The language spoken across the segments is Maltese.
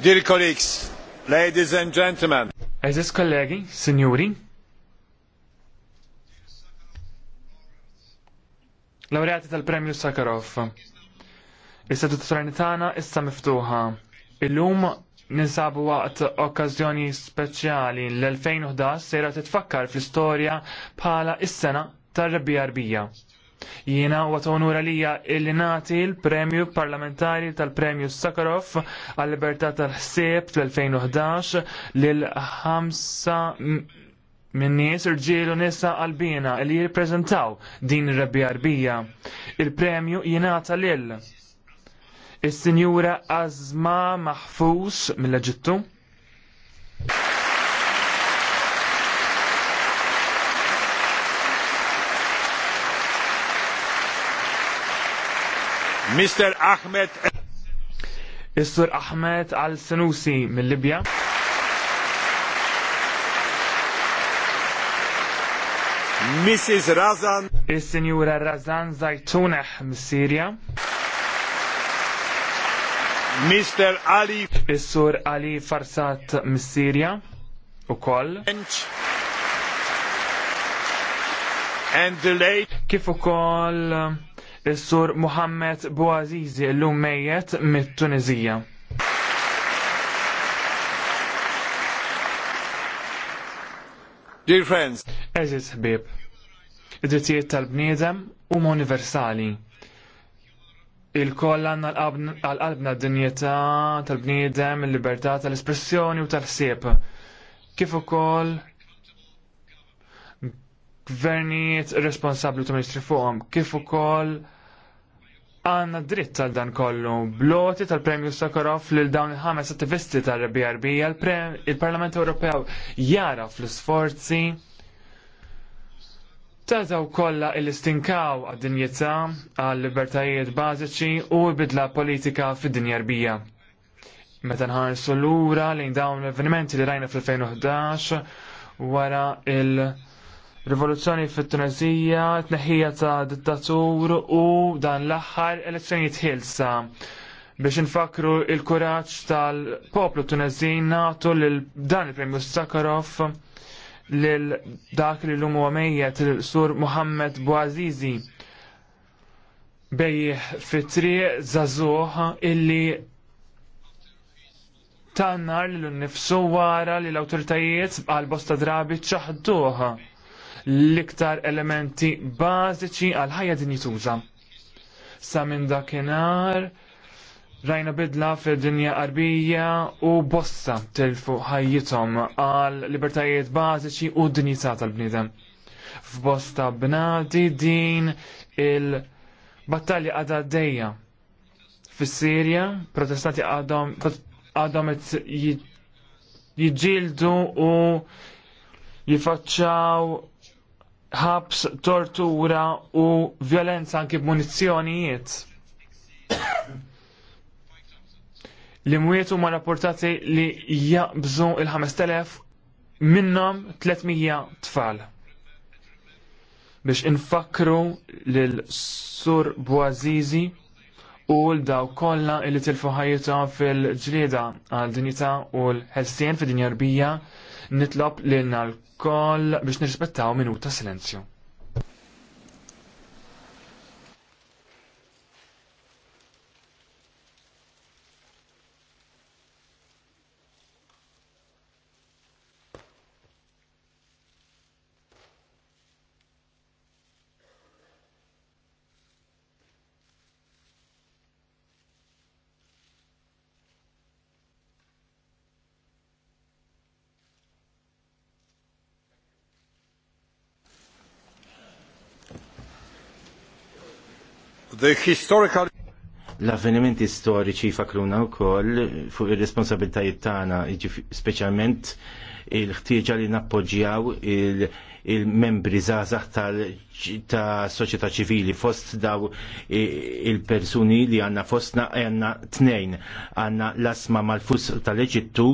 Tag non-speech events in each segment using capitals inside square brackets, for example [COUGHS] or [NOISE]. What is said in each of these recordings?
Dear colleagues, ladies and gentlemen. Aziz kollegi, signori. Laureati tal-Premju Sakharov. Is-seduta tranitana issa miftuħa. Illum ninsabu waqt okkażjoni speċjali l-2011 sejra titfakkar fl-istorja bħala is-sena tar-rebbija arbija. Jiena u onura lija illi nati l-premju parlamentari tal-premju Sakharov għal-libertà tal-ħsieb fl-2011 lil-ħamsa minn nies irġiel u nisa qalbina li jirrepreżentaw din ir rebbi arbija. Il-premju jingħata lil is-Sinjura Azma Maħfus mill-Eġittu Mr. Ahmed Is-Sur Ahmed Al-Sanusi mill-Libja. Mrs. Razan. Is-Sinjura Razan Zajtuneh mis-Sirja. Mr. Ali. Is-Sur Ali Farsat mis-Sirja u koll. And the late. Kif Uh, Is-sur Muhammed Bouazizi llum mejjet mit-Tunizija. Dear friends, eżis ħbib, id-drittijiet tal-bniedem huma universali. Il-koll għanna għal-qalbna d-dinjeta tal-bniedem, il-libertà tal-espressjoni u tal-ħsieb. Kif ukoll gvernijiet responsabli ta' ministri fuqhom, kif ukoll għanna dritt għal dan kollu. Bloti tal-Premju Sakharov lil dawn il-ħames attivisti tal-BRB il-Parlament Ewropew jara fl-sforzi ta' daw kollha il-istinkaw għad dinjeta għal-libertajiet bażiċi u bidla politika fid-dinja rbija. Meta nħarsu lura lejn dawn l-avvenimenti li rajna fl-2011 wara il- rivoluzzjoni fit-Tunezija, tneħħija ta' dittatur u dan l-aħħar elezzjoni tħilsa biex infakru il-kuraġġ tal-poplu Tunezin natu l dan il-Premju Sakharov lil dak li l-umu l sur Muhammad Bouazizi bej fitri zazuħ illi tannar l-nifsu wara li l-autoritajiet għal-bosta drabi ċaħduħ l-iktar elementi bażiċi għal ħajja din jituża. Sa minn dakinhar rajna bidla fil-dinja qarbija u bossa tilfu ħajjithom għal libertajiet bażiċi u dinjità tal-bniedem. F'bosta bnadi din il-battalja għadha għaddejja. Fis-Sirja, protestanti għadhom għadhom jiġġieldu u jifaċċaw ħabs, tortura u violenza anki b'munizzjonijiet. [COUGHS] li mwiet huma rapportati li jaqbżu il-5000 minnhom 300 tfal. Biex infakru lil Sur Buazizi u l-daw kollha li tilfu ħajjithom fil-ġlieda għal dinjità u l-ħelsien fid-dinja rbija nitlob lilna l kol biex nirrispettaw minuta silenzju. The historical l-avvenimenti storiċi fakluna u koll fuq il-responsabiltajiet tagħna, speċjalment il-ħtieġa li nappoġġjaw il-membri il ta' soċjetà ċivili fost daw il-persuni li għandna fostna għandna tnejn għandna l-asma mal-fus tal-Eġittu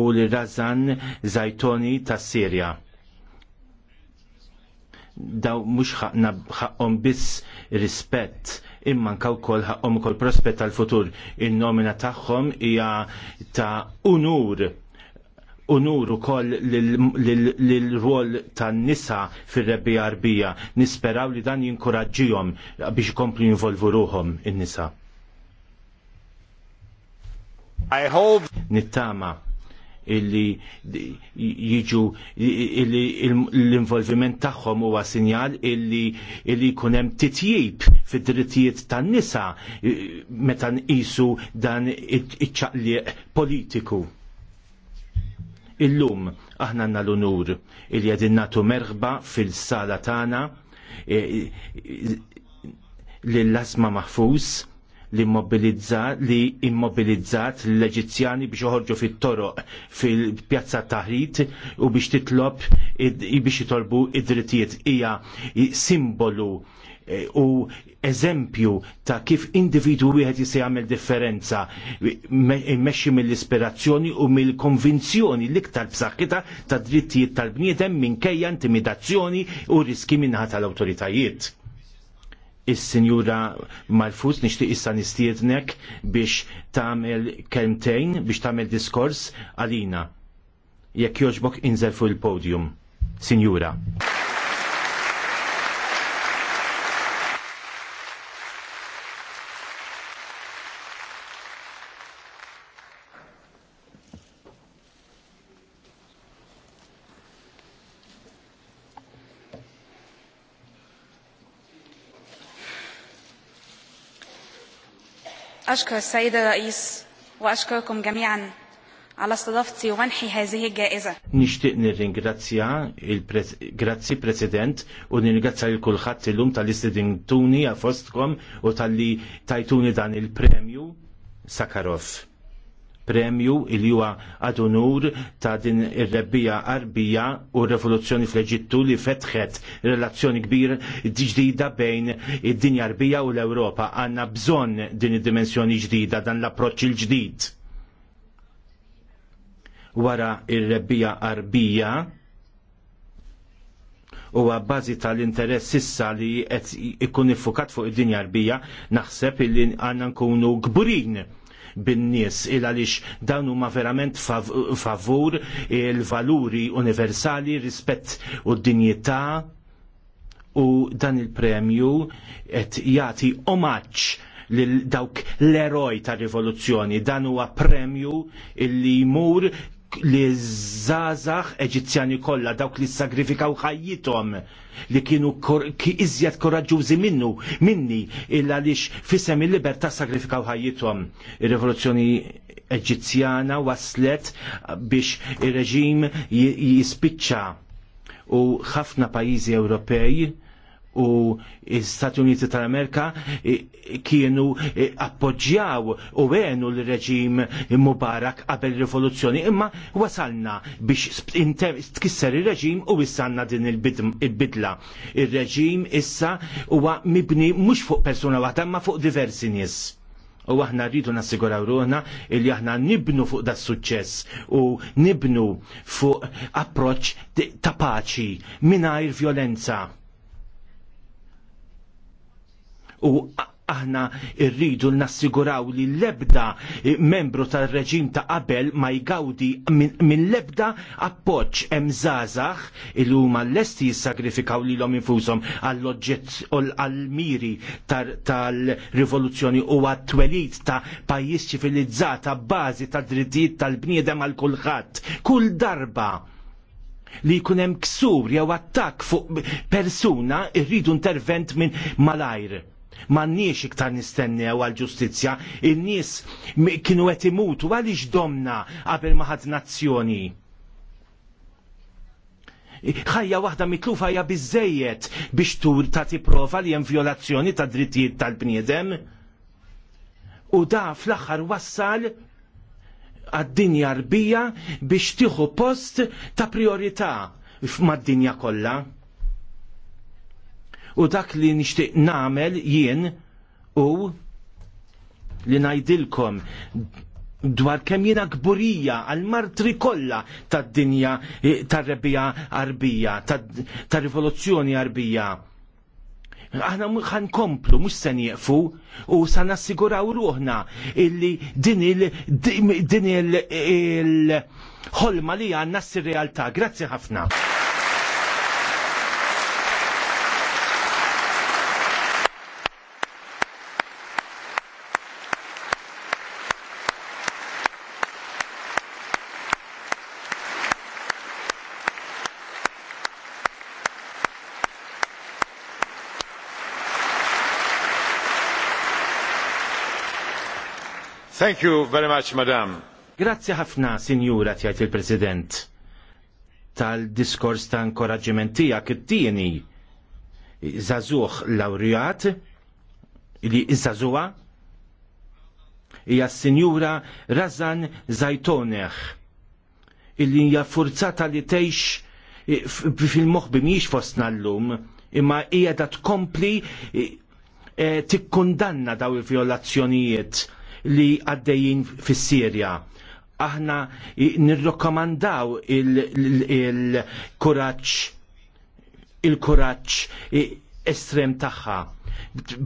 u l-razan zajtoni tas-Sirja daw mhux ħaqhom biss rispett imma kaw kol ħaqhom kol prospett tal-futur. In-nomina tagħhom hija ta' unur unur ukoll l rwol tan-nisa fir rebbi arbija. Nisperaw li dan jinkoraġġihom biex ikomplu jinvolvu ruhom in-nisa. I hope Nittama illi jiġu illi l-involviment tagħhom huwa sinjal illi illi jkun hemm titjib fid-drittijiet tan-nisa eh, meta nqisu dan iċ politiku. Illum aħna għandna l-unur illi qegħdin nagħtu merħba fil-sala tagħna lill-lasma eh, maħfus li immobilizzat l-Eġizzjani biex joħorġu fit-toroq fil-pjazza taħrit u biex titlob biex jitolbu id-drittijiet hija simbolu e, u eżempju ta' kif individu wieħed jista' jagħmel differenza immexxi mill-ispirazzjoni u mill-konvinzjoni l-iktar b'saħħitha ta' drittijiet tal-bniedem minkejja intimidazzjoni u riski minnaħa tal-awtoritajiet is-sinjura Marfus nixtieq issa nistiednek biex tagħmel kelmtejn biex tagħmel diskors għalina. Jekk jogħġbok inżel fuq il-podium. Sinjura. أشكر السيد الرئيس وأشكركم جميعا على استضافتي ومنحي هذه الجائزة نشتق نرنجراتيا جراتسي بريسيدنت ونرنجراتيا لكلħat illum tal-istedintuni għafostkom u tal-li tajtuni dan il-premju premju il huwa għad unur ta' din ir-rebbija qarbija u r-revoluzzjoni fl-Eġittu li fetħet relazzjoni kbir ġdida bejn id-dinja qarbija u l-Ewropa. Għanna bżonn din id-dimensjoni ġdida, dan l-approċċ il-ġdid. Wara ir-rebbija qarbija u għabbażi tal-interess issa li qed ikun iffukat fuq id-dinja qarbija naħseb illi għandna nkunu gburin bin-nies il għaliex dawn huma verament fav favur il-valuri universali, rispett u d-dinjità u dan il-premju qed jagħti omaġġ lil dawk l-eroj ta' rivoluzzjoni dan huwa premju illi jmur li zazax eġizzjani kollha dawk li sagrifikaw ħajjithom li kienu iżjed koraġġużi minnu minni illa għaliex fisem il-libertà sagrifikaw ħajjitom. Ir-rivoluzzjoni eġizzjana waslet biex ir-reġim jispiċċa u ħafna pajjiżi Ewropej u Stati Uniti tal-Amerika kienu appoġġjaw u għenu l-reġim Mubarak qabel rivoluzzjoni imma wasalna biex tkisser il-reġim u wissanna din il-bidla. Il-reġim issa huwa mibni mhux fuq persuna waħda ma fuq diversi nies u aħna rridu nassiguraw ruħna illi aħna nibnu fuq da suċċess u nibnu fuq approċċ ta' paċi mingħajr violenza u aħna rridu nassiguraw li l-ebda eh, membru tal-reġim ta' qabel ma jgawdi minn l-ebda appoċ emżazax il huma l-esti jissagrifikaw li l-om infusom għall-oġġett u għall-miri tal-rivoluzzjoni u għat-twelit ta' pajis ċivilizzata bazi ta' drittijiet tal-bniedem għal kulħadd. Kull darba li jkun hemm ksur jew attakk fuq persuna rridu intervent minn malajr Mannix iktar nistennew għal ġustizzja, in-nies kienu qed imutu għaliex domna qabel ma ħadd nazzjoni. Ħajja waħda mitlufa hija biżejjed biex tur tagħti prova li hemm violazzjoni ta' drittijiet tal-bniedem. U da fl-aħħar wassal għad-dinja rbija biex tieħu post ta' priorità f'mad-dinja kollha U dak li nixtieq nagħmel jien u li ngħidilkom dwar kemm jiena kburija għal martri kollha tad-dinja eh, tar-rebija arbija, tar-rivoluzzjoni arbija. Aħna ħan komplu, mux se nieqfu u sa nassiguraw ruħna illi din il-ħolma li għanna s-realtà. Grazzi ħafna. Thank you very much, madam. Grazzi ħafna, sinjura, tjajt il-President, tal-diskors ta' inkoraġġiment tiegħek it-tieni. Zazuħ laurijat, li zazuħa, hija s-sinjura Razan Zajtoneħ, illi hija forzata li tgħix eh, fil-moħbi miex fostna l-lum, imma hija da tkompli eh, tikkundanna daw il-violazzjonijiet li għaddejjin fis-Sirja aħna nirrokkomandaw il-kuraċ il-kuraċ estrem tagħha.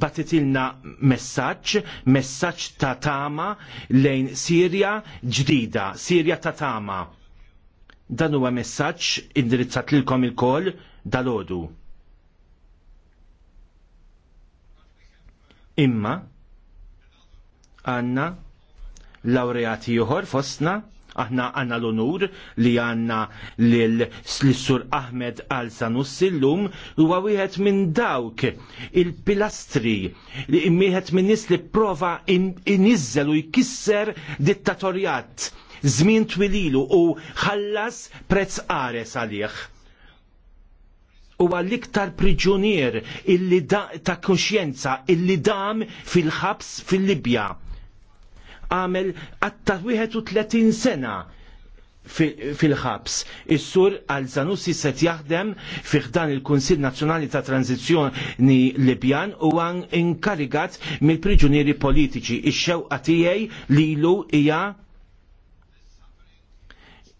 Batitilna messaġġ, messaġġ ta' tama lejn Sirja ġdida, Sirja ta' tama. Dan huwa messaġġ indirizzat lilkom il-kol dal Imma, għanna laureati juħor fostna aħna għanna l-onur li għanna l-sur Ahmed għal Sanussi l-lum u għawihet minn dawk il-pilastri miħet minn nis li prova inizzel u jkisser dittatorjat zmin twililu u ħallas prezz qares għalih. U għall-iktar priġunier illi ta' kuxjenza illi dam fil-ħabs fil-Libja. fil ħabs fil libja għamel għatta 31 sena fil-ħabs. Is-sur għal-Zanussi set jaħdem fiħdan il-Kunsil Nazzjonali ta' Tranzizjoni Libjan u għan inkarigat mill-priġunieri politiċi. Ix-xewqa tiegħi lilu hija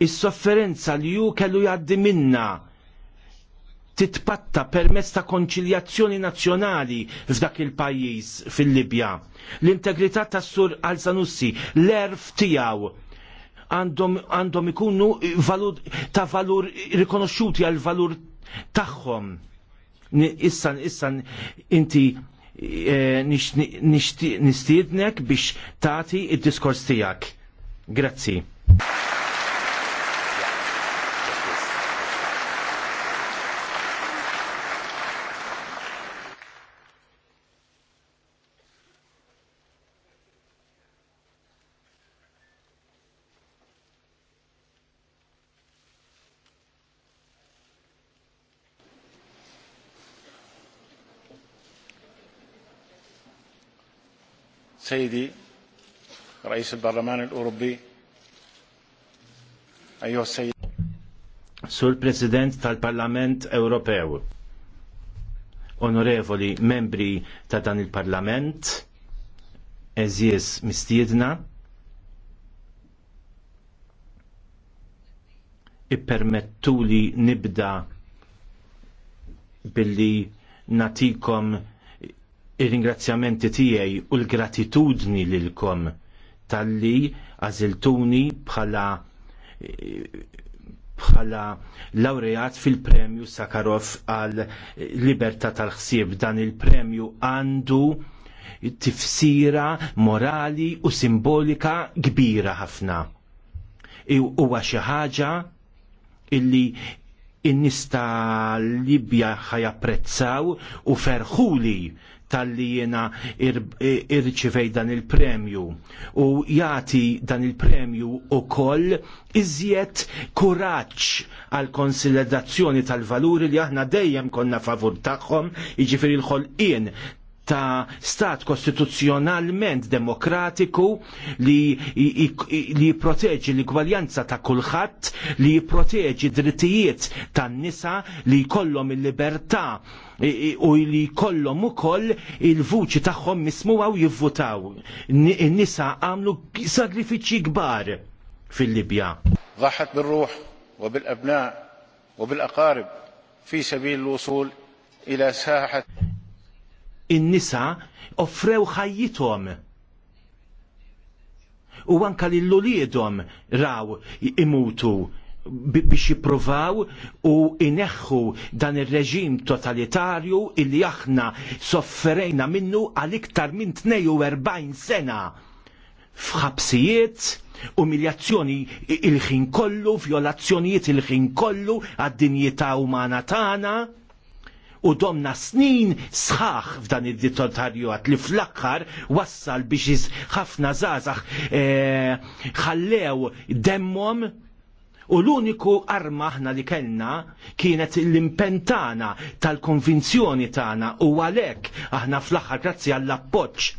is-sofferenza li ju kellu jgħaddi minna titpatta permezz ta' konċiljazzjoni nazzjonali f'dak il-pajjiż fil-Libja. L-integrità tas sur Al-Sanussi, l-erf tiegħu għandhom ikunu valur, ta' valur rikonoxxuti għal valur tagħhom. Issa issa inti e, nistiednek biex tagħti id-diskors tiegħek. Grazzi. سيدي رئيس البرلمان الأوروبي أيها السيد Sur President tal-Parlament Ewropew, onorevoli membri ta' dan il-Parlament, eżjes mistiedna, ippermettuli nibda billi natikom il ringrazzjamenti tiegħi u l-gratitudni lilkom tal-li għaziltuni bħala bħala laureat fil-premju Sakharov għal libertà tal-ħsieb dan il-premju għandu tifsira morali u simbolika kbira ħafna. Huwa xi ħaġa illi in-nista Libja ħajapprezzaw u ferħuli tal-li jena irċivej dan il-premju u jati dan il-premju u koll iżjed kuraċ għal konsiderazzjoni tal-valuri li aħna dejjem konna favur tagħhom, jiġifieri l-ħolqien ta' stat kostituzzjonalment demokratiku li, li proteġi l-igwaljanza ta' kulħadd, li proteġi drittijiet tan nisa li jkollhom il-libertà u li kollom u koll il-vuċi taħħom mismu għaw jivvutaw. Nisa għamlu sagrifiċi gbar fil-Libja. Zaħat bil-ruħ u bil-abna u bil-aqarib fi sabil l-wusul ila saħat. il nisa offrew ħajjithom u anka l lulijedom raw imutu biex jippruvaw u ineħħu dan ir-reġim totalitarju illi aħna sofferejna minnu għal iktar minn 42 sena fħabsijiet, umiljazzjoni il-ħin kollu, violazzjonijiet il-ħin kollu għad-dinjità umana tagħna u domna snin sħaħ f'dan id għat li fl-aħħar wassal biex ħafna zazax eh, ħallew demmom U l-uniku arma aħna li kellna kienet l-impentana tal-konvinzjoni tagħna u għalhekk aħna fl-aħħar grazzi għall-appoġġ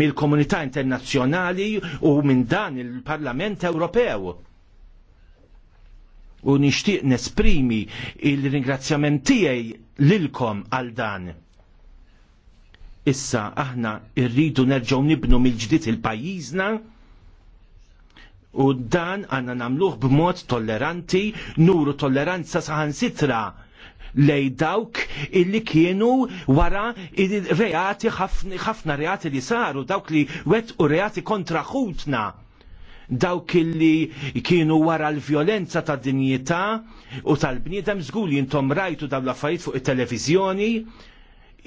mill-komunità internazzjonali u minn dan il-Parlament Ewropew. U nixtieq nesprimi il-ringrazzjament tiegħi lilkom għal dan. Issa aħna rridu nerġgħu nibnu mill-ġdid il-pajjiżna U dan għanna namluħ b'mod tolleranti, nuru tolleranza saħansitra lej dawk illi kienu wara reati ħafna reati li saru, dawk li wet u reati kontra ħutna dawk illi kienu wara l-vjolenza ta' dinjità u tal-bniedem żgur jintom rajtu dawn l-affarijiet fuq it televizjoni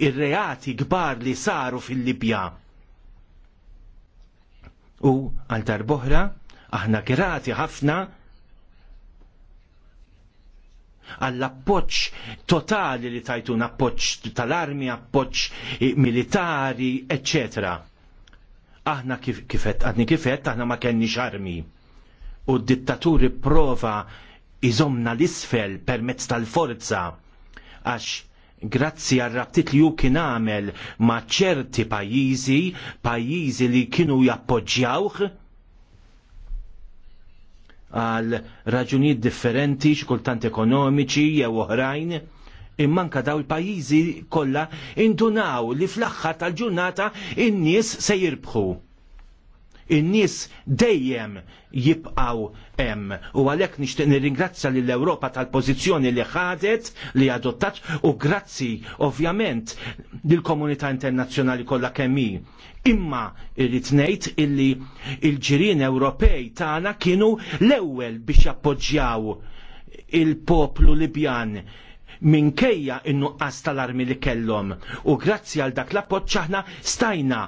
ir-reati kbar li saru fil-Libja. U għal darboħra Aħna grati ħafna għall-appoċ totali li tajtun appoċ tal-armi, appoċ militari, etc. Aħna kif, kifet, għadni kifet, aħna ma kenni armi. U d-dittaturi prova iżomna l-isfel permezz tal-forza għax grazzi għal rabtit li ju kien għamel ma ċerti pajjiżi, pajjiżi li kienu jappoġġjawh, għal raġunijiet differenti, xikultant ekonomiċi jew oħrajn. Immanka daw il-pajizi kollha intunaw li fl-aħħar tal-ġurnata in-nies se jirbħu in-nies dejjem jibqaw hemm. U għalhekk nixtieq nirringrazzja lill ewropa tal-pożizzjoni li ħadet li adottat u grazzi ovvjament lill-komunità internazzjonali kollha kemm hi. Imma irrid ngħid illi l-ġirien Ewropej tagħna kienu l-ewwel biex jappoġġjaw il-poplu Libjan minkejja in-nuqqas tal-armi li kellhom. U grazzi għal dak l-appoġġ aħna stajna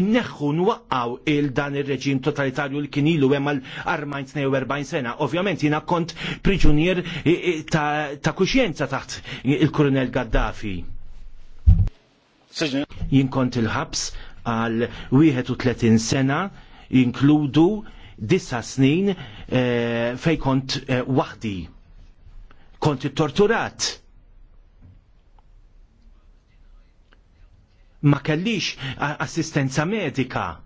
inneħħu nwaqqaw il dan ir-reġim totalitarju li kien ilu hemm għal 42 sena. Ovvjament jiena kont priġunier ta', kuxjenza taħt il-Kurunel Gaddafi. Jien kont il-ħabs għal 31 sena inkludu disa snin eh, fej kont e, waħdi. Kont torturat ma kellix assistenza medika.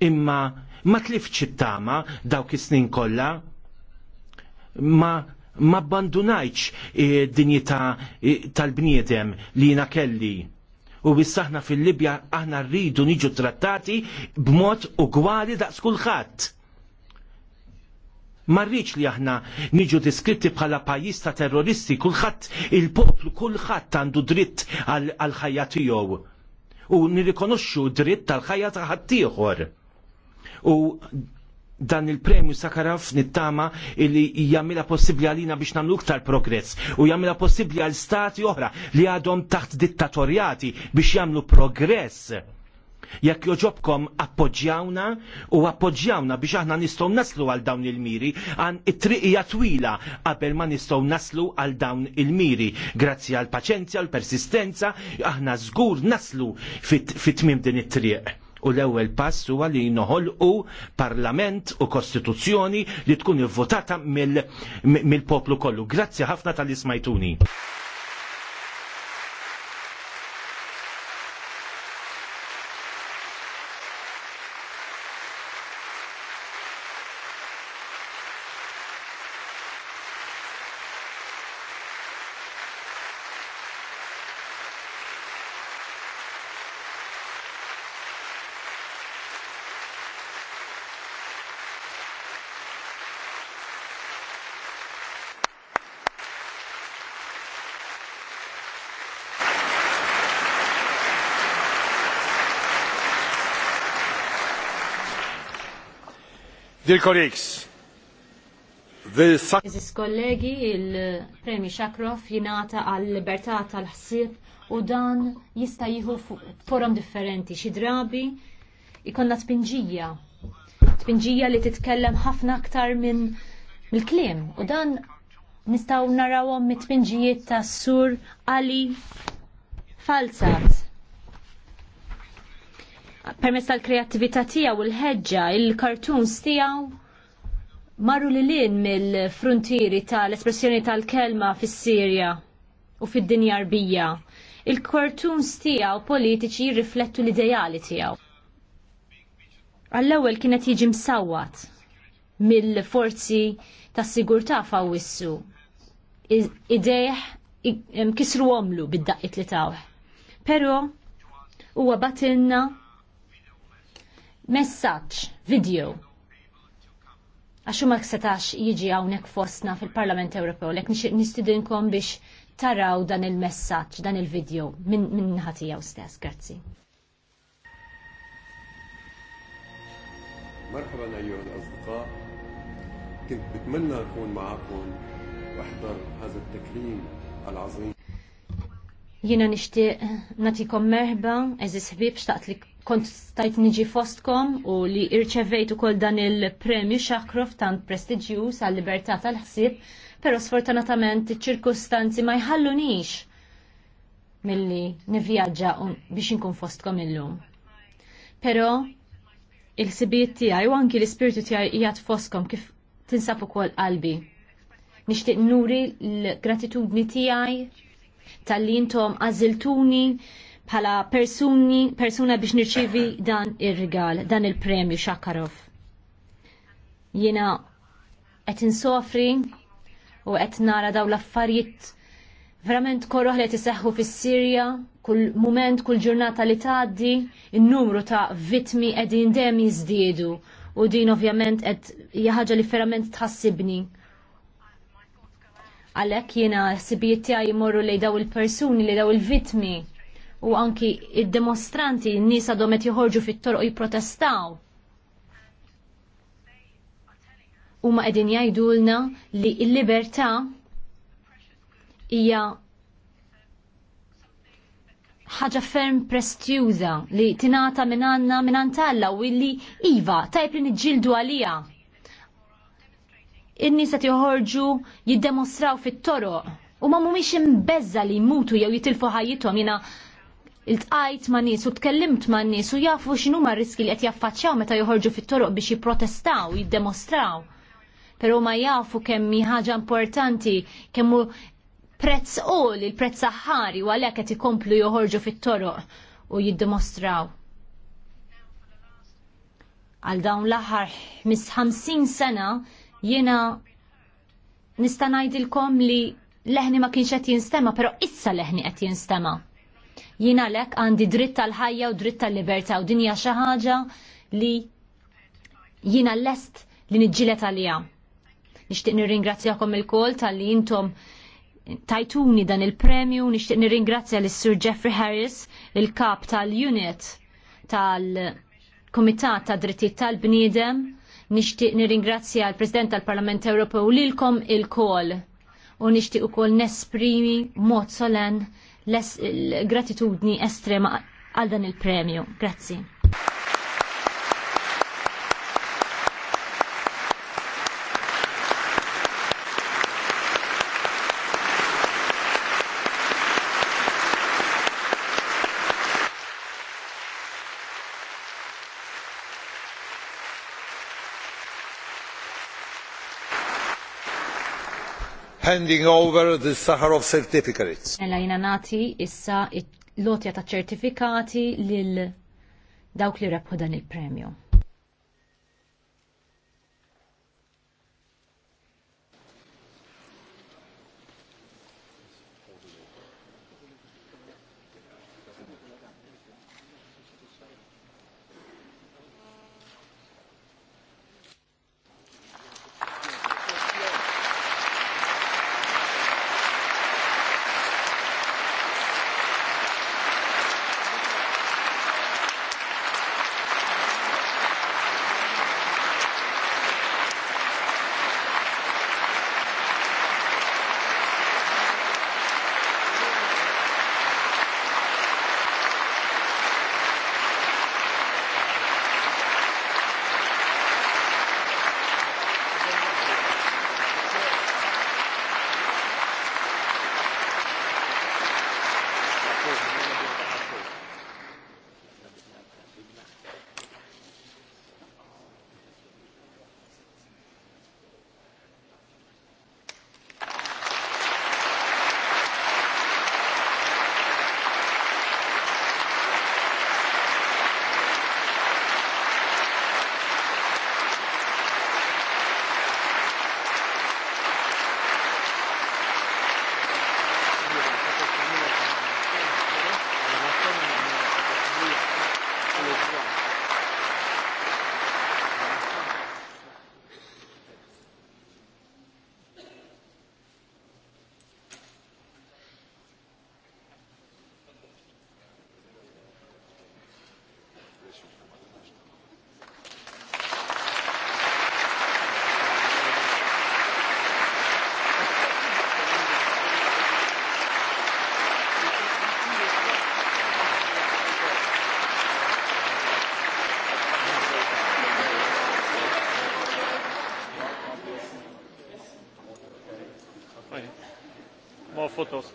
Imma ma tlifx ċittama tama dawk is-snin kollha ma ma abbandunajċ e, dinjità e, tal-bniedem li jina kelli. U bissaħna fil-Libja aħna rridu niġu trattati b'mod ugwali daqs kulħadd. Marriċ li aħna niġu diskritti bħala pajjiż ta' terroristi, kulħadd il-poplu, kulħadd għandu dritt għal ħajja tiegħu. U nirrikonoxxu dritt tal-ħajja ta' ħadd ieħor. U dan il-premju Sakaraf nittama li jagħmilha possibli għalina biex namlu iktar progress u jagħmilha possibli għal stati oħra li għadhom taħt dittatorjati biex jamlu progress Jekk joġobkom appoġġjawna u appoġġjawna biex aħna nistgħu naslu għal dawn il-miri, għan it-triqija twila qabel ma nistgħu naslu għal dawn il-miri. Grazzi għal paċenzja, l persistenza aħna żgur naslu fit-tmim din it-triq. U l-ewwel pass huwa li noħolqu parlament u kostituzzjoni li tkun ivvotata mill-poplu kollu. Grazzi ħafna tal-ismajtuni. Dear colleagues, kollegi, il Premi Shakrov jinata għal-libertà tal-ħsieb u dan jista' jieħu forum differenti xi drabi ikonna spinġija. Spinġija li titkellem ħafna aktar minn mill-kliem u dan nistgħu narawhom mit tpinġijiet tas-sur Ali Falsat permess tal-kreattività tiegħu l-ħeġġa, il-kartuns tiegħu marru li lin mill-frontieri tal-espressjoni tal-kelma fis-Sirja u fid-dinja arbija. Il-kartuns tiegħu politiċi jirriflettu l-ideali tiegħu. Għall-ewwel kienet jiġi msawat mill-forzi tas-sigurtà fawissu. Idejh kisru omlu bid daqqit li tawħ. Pero huwa batilna messaċ, video għaxu ma ksetax jiġi għawnek fosna fil-Parlament Ewropew lek nistidinkom biex taraw dan il messaċ dan il-video minn ħati għaw stess. Grazzi. مرحبا أيها الأصدقاء كنت بتمنى أكون معكم وأحضر هذا التكريم العظيم Jina nishtiq natikom merħba, eżis ħbib, xtaqt li kont stajt niġi fostkom u li irċevejtu kol dan il-premju Shakrov tant prestiġjuż għal libertà tal-ħsieb, pero sfortunatament iċ-ċirkustanzi ma jħallunix milli nivvjaġġa biex inkun fostkom illum. Pero il-sibiet tiegħi u anki l-ispirtu tijaj jgħat fostkom kif tinsab ukoll qalbi. Nixtieq nuri l-gratitudni tiegħi tal-li intom għażiltuni bħala persuni, persuna biex nirċivi dan ir-rigal, dan il-premju Shakarov. Jiena qed insofri u qed nara daw l-affarijiet verament korroħ li qed iseħħu fis-Sirja, kull mument, kull ġurnata li tgħaddi, in-numru ta' vittmi qegħdin dejjem jiżdiedu u din ovvjament qed hija ħaġa li verament tħassibni. Għalhekk jiena sibijiet tiegħi jmorru lejn daw il-persuni, li daw il-vittmi. il persuni li daw il il persuni li daw il vittmi u anki id-demostranti n-nisa domet joħorġu fit-torq jiprotestaw. U ma edin jajdulna li il-libertà hija ħaġa ferm prestjuża li tinata minn għanna minn għantalla u illi iva tajb li nġildu għalija. In-nisa joħorġu jiddemostraw fit-toroq u ma mumiex imbezza li jmutu jew jitilfu ħajjithom jina il-tqajt ma' nies u tkellimt ma' nies u jafu x'inhu ma' riski li qed jaffaċċjaw meta joħorġu fit-toroq biex jipprotestaw, jiddemostraw. Però ma jafu kemm hi ħaġa importanti, kemm prezz qol il-prezz aħħari u għalhekk qed ikomplu joħorġu fit-toroq u jiddimostraw. Għal dawn l-aħħar 50 sena jiena nista' ngħidilkom li leħni ma kienx qed jinstema, però issa leħni qed jinstema' Jina lek għandi dritt tal-ħajja u dritt tal-libertà u dinja xi ħaġa li jina lest li nġilet għalija. Nixtieq nirringrazzjakom il-kol tal-li intom tajtuni dan il-premju, nixtieq nirringrazzja lis sur Jeffrey Harris, il-kap tal-unit tal-Komitat ta' Drittijiet tal-Bniedem, nixtieq nirringrazzja l-President tal-Parlament Ewropew lilkom il-kol u nixtieq ukoll nesprimi mod solenn l-gratitudni estrema għal dan il-premju. Grazzi. handing over the Sakharov certificates. Mela jina nati issa lotja ta' ċertifikati lil dawk li rebħu dan il-premju. fotos.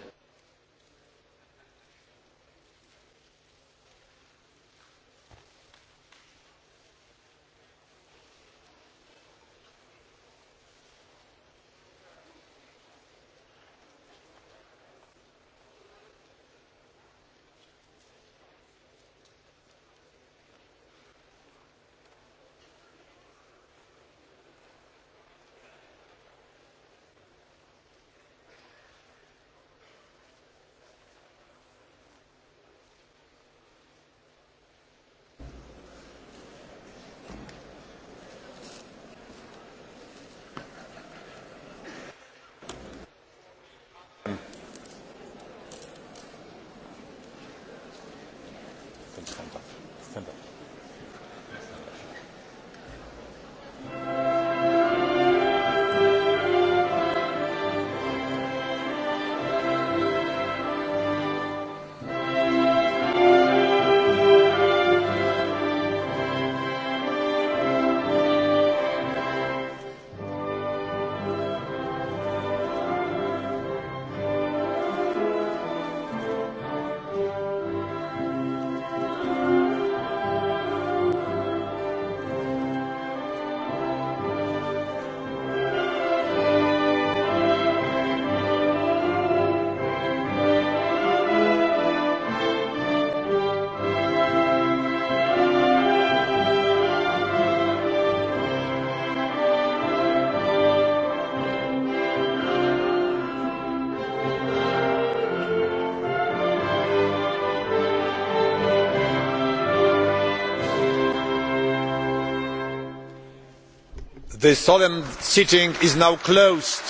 The solemn sitting is now closed.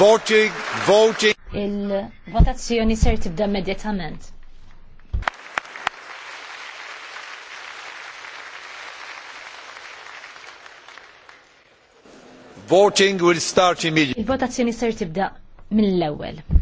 Voting, voting. Il-votazzjoni ser tibda immedjatament. Voting will start immediately. Il-votazzjoni ser tibda mill-ewwel.